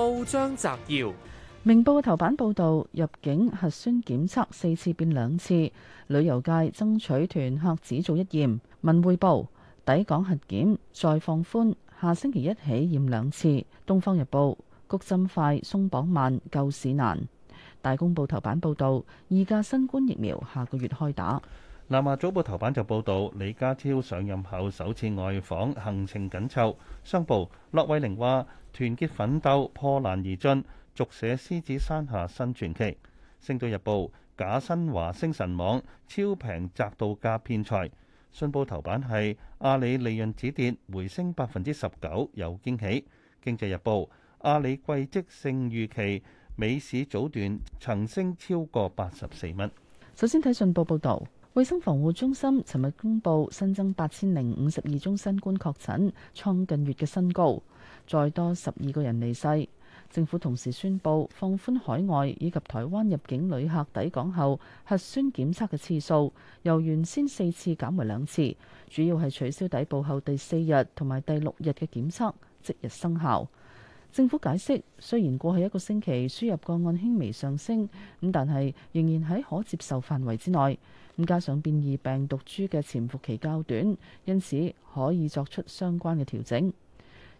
報章摘要：明報頭版報道入境核酸檢測四次變兩次，旅遊界爭取團客只做一驗。文匯報抵港核檢再放寬，下星期一起驗兩次。東方日報谷針快鬆綁慢救市難。大公報頭版報道二價新冠疫苗下個月開打。南華早報頭版就報導，李家超上任後首次外訪，行程緊湊。商報：駱惠寧話，團結奮鬥，破難而進，續寫獅子山下新傳奇。星島日報：假新華星神網超平擲度假騙財。信報頭版係阿里利潤止跌，回升百分之十九，有驚喜。經濟日報：阿里季績勝預期，美市早段曾升超過八十四蚊。首先睇信報報道。衛生防護中心尋日公布新增八千零五十二宗新冠確診，創近月嘅新高，再多十二個人離世。政府同時宣布放寬海外以及台灣入境旅客抵港後核酸檢測嘅次數，由原先四次減為兩次，主要係取消抵埗後第四日同埋第六日嘅檢測，即日生效。政府解釋，雖然過去一個星期輸入個案輕微上升，咁但係仍然喺可接受範圍之內。咁加上變異病毒株嘅潛伏期較短，因此可以作出相關嘅調整。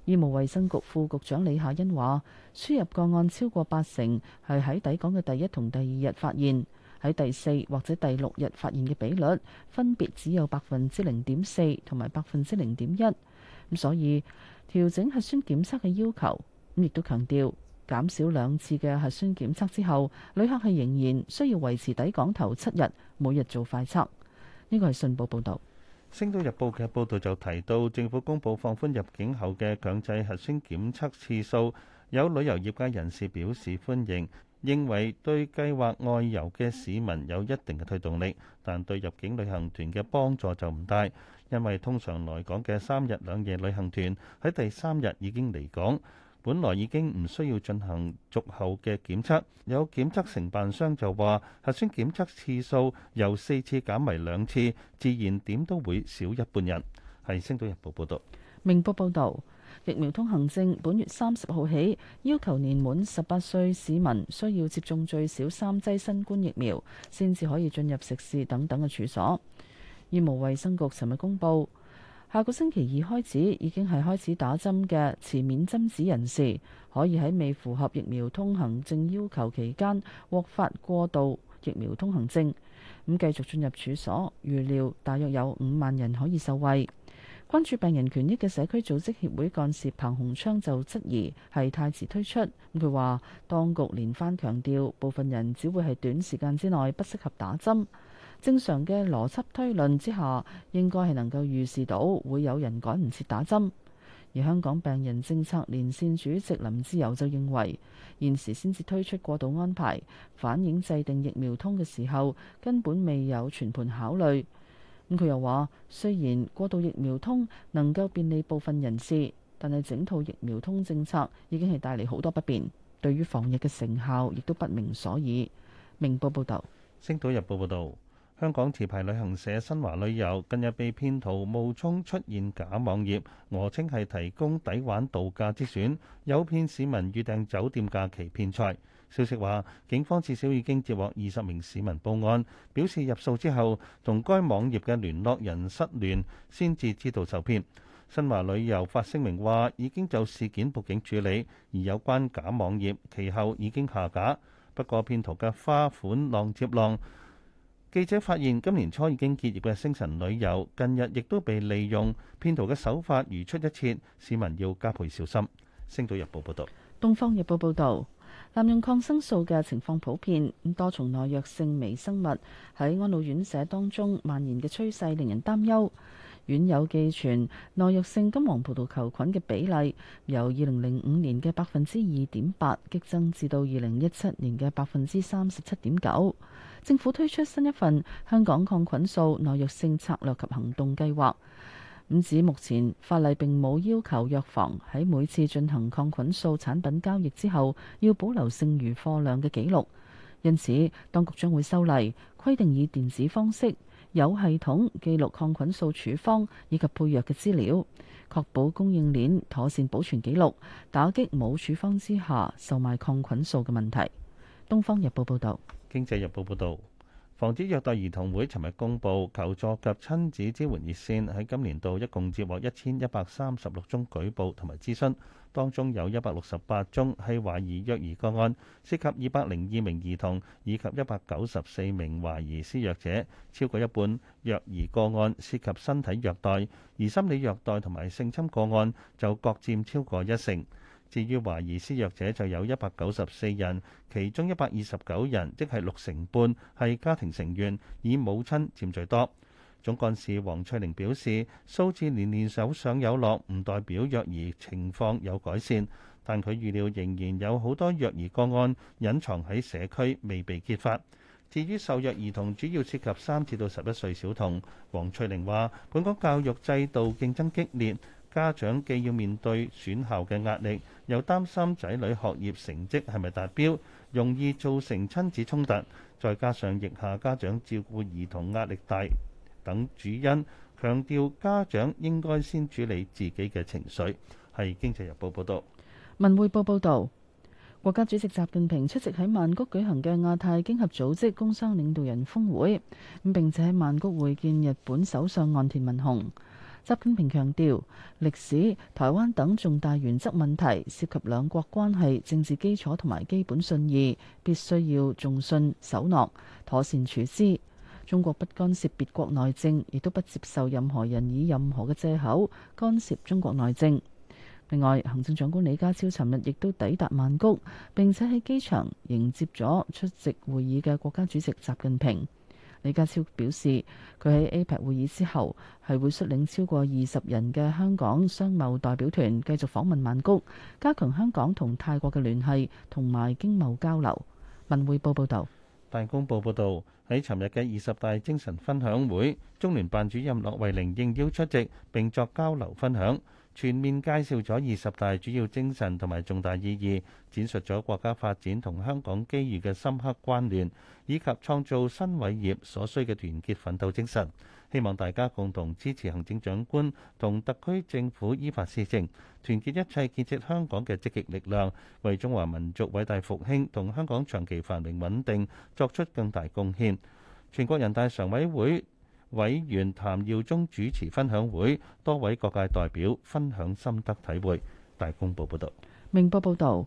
醫務衛生局副局長李夏欣話：輸入個案超過八成係喺抵港嘅第一同第二日發現，喺第四或者第六日發現嘅比率分別只有百分之零點四同埋百分之零點一。咁所以調整核酸檢測嘅要求。亦都強調減少兩次嘅核酸檢測之後，旅客係仍然需要維持抵港頭七日，每日做快測。呢個係信報報導，《星島日報》嘅報導就提到，政府公布放寬入境後嘅強制核酸檢測次數，有旅遊業界人士表示歡迎，認為對計劃外遊嘅市民有一定嘅推動力，但對入境旅行團嘅幫助就唔大，因為通常來港嘅三日兩夜旅行團喺第三日已經離港。本來已經唔需要進行續後嘅檢測，有檢測承辦商就話核酸檢測次數由四次減為兩次，自然點都會少一半人。係星島日報報道。《明報》報道，疫苗通行證本月三十號起要求年滿十八歲市民需要接種最少三劑新冠疫苗，先至可以進入食肆等等嘅處所。醫務衛生局尋日公布。下個星期二開始，已經係開始打針嘅持免針紙人士，可以喺未符合疫苗通行證要求期間獲發過渡疫苗通行證，咁、嗯、繼續進入處所。預料大約有五萬人可以受惠。關注病人權益嘅社區組織協會幹事彭洪昌就質疑係太遲推出。咁佢話，當局連番強調，部分人只會係短時間之內不適合打針。正常嘅邏輯推論之下，應該係能夠預示到會有人趕唔切打針。而香港病人政策連線主席林之友就認為，現時先至推出過渡安排，反映制定疫苗通嘅時候根本未有全盤考慮。咁、嗯、佢又話：雖然過渡疫苗通能夠便利部分人士，但係整套疫苗通政策已經係帶嚟好多不便。對於防疫嘅成效亦都不明所以。明報報道。星島日報報道。香港持牌旅行社新華旅遊近日被騙徒冒充出現假網頁，訛稱係提供抵玩度假之選，誘騙市民預訂酒店假期騙財。消息話，警方至少已經接獲二十名市民報案，表示入數之後同該網頁嘅聯絡人失聯，先至知道受騙。新華旅遊發聲明話已經就事件報警處理，而有關假網頁其後已經下架。不過騙徒嘅花款浪接浪。記者發現，今年初已經結業嘅星晨旅遊，近日亦都被利用騙徒嘅手法如出一轍，市民要加倍小心。星島日報報道。東方日報報導，濫用抗生素嘅情況普遍，多重耐藥性微生物喺安老院舍當中蔓延嘅趨勢令人擔憂。院友寄存耐藥性金黃葡萄球菌嘅比例，由二零零五年嘅百分之二點八激增至到二零一七年嘅百分之三十七點九。政府推出新一份《香港抗菌素耐藥性策略及行動計劃》，咁指目前法例並冇要求藥房喺每次進行抗菌素產品交易之後，要保留剩餘貨量嘅記錄。因此，當局將會修例，規定以電子方式有系統記錄抗菌素處方以及配藥嘅資料，確保供應鏈妥善保存記錄，打擊冇處方之下售賣抗菌素嘅問題。《東方日報》報導，《經濟日報》報導，防止虐待兒童會尋日公佈求助及親子支援熱線喺今年度一共接獲一千一百三十六宗舉報同埋諮詢，當中有一百六十八宗係懷疑虐兒個案，涉及二百零二名兒童以及一百九十四名懷疑施虐者，超過一半虐兒個案涉及身體虐待，而心理虐待同埋性侵個案就各佔超過一成。至於懷疑施虐者就有一百九十四人，其中一百二十九人，即係六成半，係家庭成員，以母親佔最多。總幹事黃翠玲表示，數字年年有上有落，唔代表虐兒情況有改善，但佢預料仍然有好多虐兒個案隱藏喺社區未被揭發。至於受虐兒童主要涉及三至到十一歲小童，黃翠玲話，本港教育制度競爭激烈。家長既要面對選校嘅壓力，又擔心仔女學業成績係咪達標，容易造成親子衝突，再加上疫下家長照顧兒童壓力大等主因，強調家長應該先處理自己嘅情緒。係經濟日報報道，文匯報報道，國家主席習近平出席喺曼谷舉行嘅亞太經合組織工商領導人峰會，咁並且喺曼谷會見日本首相岸田文雄。習近平強調，歷史、台灣等重大原則問題涉及兩國關係政治基礎同埋基本信義，必須要重信守諾，妥善處置。中國不干涉別國內政，亦都不接受任何人以任何嘅借口干涉中國內政。另外，行政長官李家超尋日亦都抵達曼谷，並且喺機場迎接咗出席會議嘅國家主席習近平。李家超表示，佢喺 APEC 會議之後，係會率領超過二十人嘅香港商貿代表團繼續訪問曼谷，加強香港同泰國嘅聯繫同埋經貿交流。文匯報報導，大公報報導，喺尋日嘅二十大精神分享會，中聯辦主任駱惠寧應邀出席並作交流分享。全面介紹咗二十大主要精神同埋重大意義，展述咗國家發展同香港機遇嘅深刻關聯，以及創造新偉業所需嘅團結奮鬥精神。希望大家共同支持行政長官同特區政府依法施政，團結一切建設香港嘅積極力量，為中華民族偉大復興同香港長期繁榮穩定作出更大貢獻。全國人大常委會委員譚耀宗主持分享會，多位各界代表分享心得體會。大公報報道，明報報道，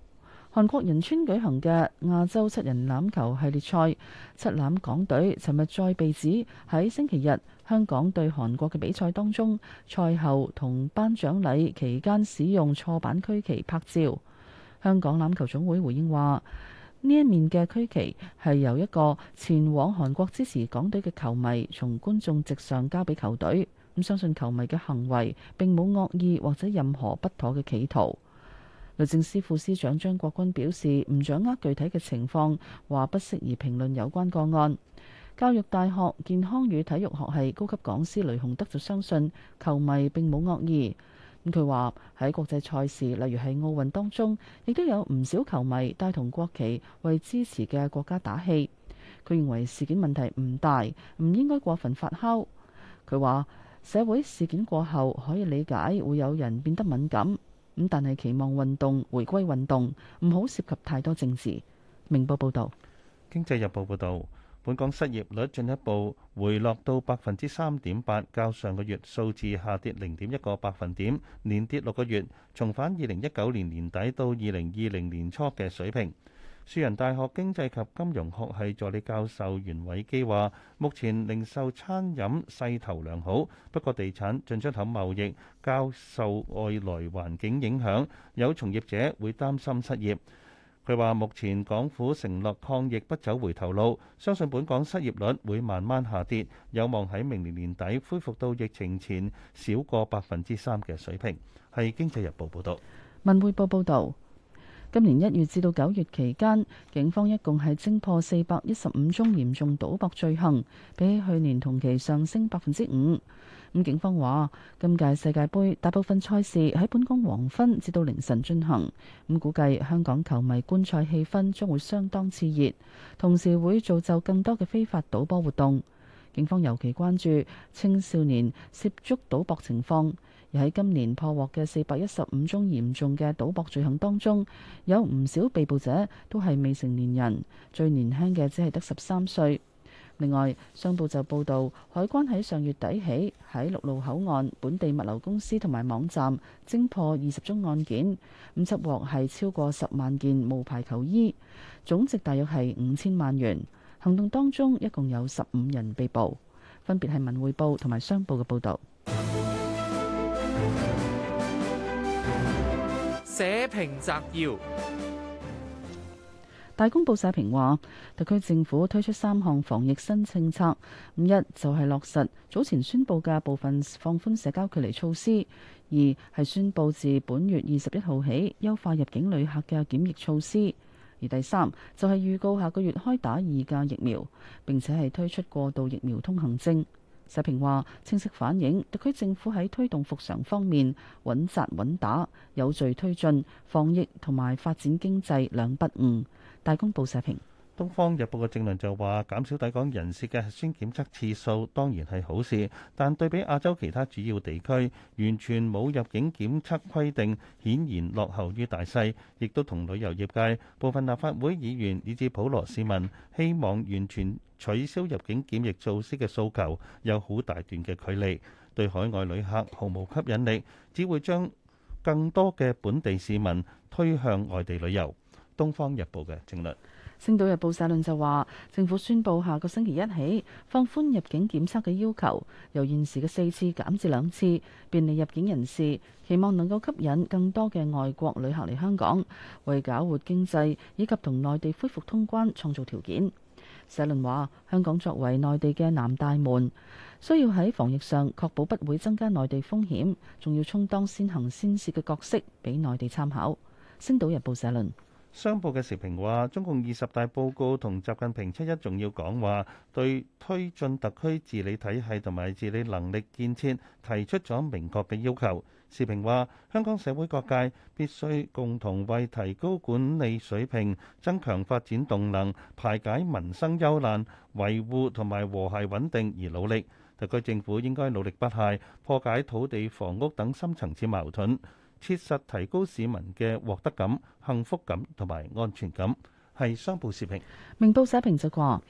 韓國仁川舉行嘅亞洲七人欖球系列賽，七欖港隊尋日再被指喺星期日香港對韓國嘅比賽當中，賽後同頒獎禮期間使用錯版區旗拍照。香港欖球總會回應話。呢一面嘅區旗係由一個前往韓國支持港隊嘅球迷從觀眾席上交俾球隊。咁相信球迷嘅行為並冇惡意或者任何不妥嘅企圖。律政司副司長張國軍表示，唔掌握具體嘅情況，話不適宜評論有關個案。教育大學健康與體育學系高級講師雷雄德就相信球迷並冇惡意。咁佢話喺國際賽事，例如喺奧運當中，亦都有唔少球迷帶同國旗為支持嘅國家打氣。佢認為事件問題唔大，唔應該過分發酵。佢話社會事件過後可以理解會有人變得敏感，咁但係期望運動回歸運動，唔好涉及太多政治。明報報道。《經濟日報》報道。本港失業率進一步回落到百分之三點八，較上個月數字下跌零點一個百分點，連跌六個月，重返二零一九年年底到二零二零年初嘅水平。樹仁大學經濟及金融學系助理教授袁偉基話，目前零售、餐飲勢頭良好，不過地產、進出口貿易較受外來環境影響，有從業者會擔心失業。佢話：目前港府承諾抗疫不走回頭路，相信本港失業率會慢慢下跌，有望喺明年年底恢復到疫情前少過百分之三嘅水平。係《經濟日報》報導，文匯報報道《文匯報》報導。今年一月至到九月期間，警方一共係偵破四百一十五宗嚴重賭博罪行，比去年同期上升百分之五。咁警方話，今屆世界盃大部分賽事喺本港黃昏至到凌晨進行，咁估計香港球迷觀賽氣氛將會相當熾熱，同時會造就更多嘅非法賭波活動，警方尤其關注青少年涉足賭博情況。而喺今年破獲嘅四百一十五宗嚴重嘅賭博罪行當中，有唔少被捕者都係未成年人，最年輕嘅只係得十三歲。另外，商報就報導，海關喺上月底起喺陸路口岸本地物流公司同埋網站偵破二十宗案件，共檢獲係超過十萬件冒牌球衣，總值大約係五千萬元。行動當中一共有十五人被捕，分別係文匯報同埋商報嘅報導。社評摘要：大公報社評話，特區政府推出三項防疫新政策，五一就係落實早前宣布嘅部分放寬社交距離措施；二係宣布自本月二十一號起優化入境旅客嘅檢疫措施；而第三就係預告下個月開打二價疫苗，並且係推出過渡疫苗通行證。社評話：清晰反映特區政府喺推動復常方面穩紮穩打，有序推進防疫同埋發展經濟兩不誤。大公報社評。《東方日報》嘅政論就話：減少抵港人士嘅核酸檢測次數當然係好事，但對比亞洲其他主要地區完全冇入境檢測規定，顯然落後於大勢，亦都同旅遊業界部分立法會議員以至普羅市民希望完全取消入境檢疫措施嘅訴求有好大段嘅距離，對海外旅客毫無吸引力，只會將更多嘅本地市民推向外地旅遊。《東方日報》嘅政論。星島日報社論就話：政府宣布下個星期一起放寬入境檢測嘅要求，由現時嘅四次減至兩次，便利入境人士，期望能夠吸引更多嘅外國旅客嚟香港，為搞活經濟以及同內地恢復通關創造條件。社論話：香港作為內地嘅南大門，需要喺防疫上確保不會增加內地風險，仲要充當先行先試嘅角色，俾內地參考。星島日報社論。商報嘅時評話，中共二十大報告同習近平七一重要講話，對推進特區治理體系同埋治理能力建設提出咗明確嘅要求。時評話，香港社會各界必須共同為提高管理水平、增強發展動能、排解民生憂難、維護同埋和諧穩定而努力。特區政府應該努力不懈，破解土地、房屋等深層次矛盾。切實提高市民嘅獲得感、幸福感同埋安全感，係商報社評。明報社評就話，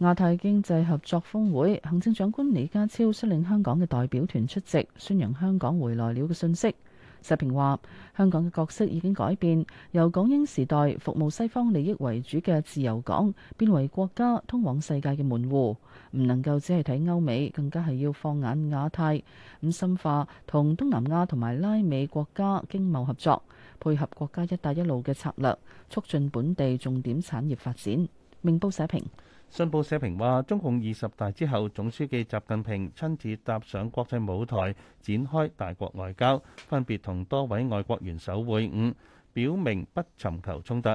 亞太經濟合作峰會，行政長官李家超率領香港嘅代表團出席，宣揚香港回來了嘅信息。社評話：香港嘅角色已經改變，由港英時代服務西方利益為主嘅自由港，變為國家通往世界嘅門戶。唔能夠只係睇歐美，更加係要放眼亞太，咁深化同東南亞同埋拉美國家經貿合作，配合國家一帶一路嘅策略，促進本地重點產業發展。明報社評。信報社評話，中共二十大之後，總書記習近平親自踏上國際舞台，展開大國外交，分別同多位外國元首會晤，表明不尋求衝突。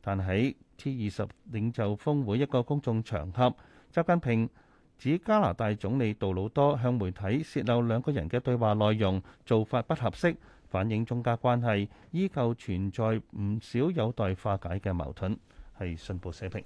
但喺 G 二十領袖峯會一個公眾場合，習近平指加拿大總理杜魯多向媒體洩漏兩個人嘅對話內容，做法不合適，反映中加關係依舊存在唔少有待化解嘅矛盾。係信報社評。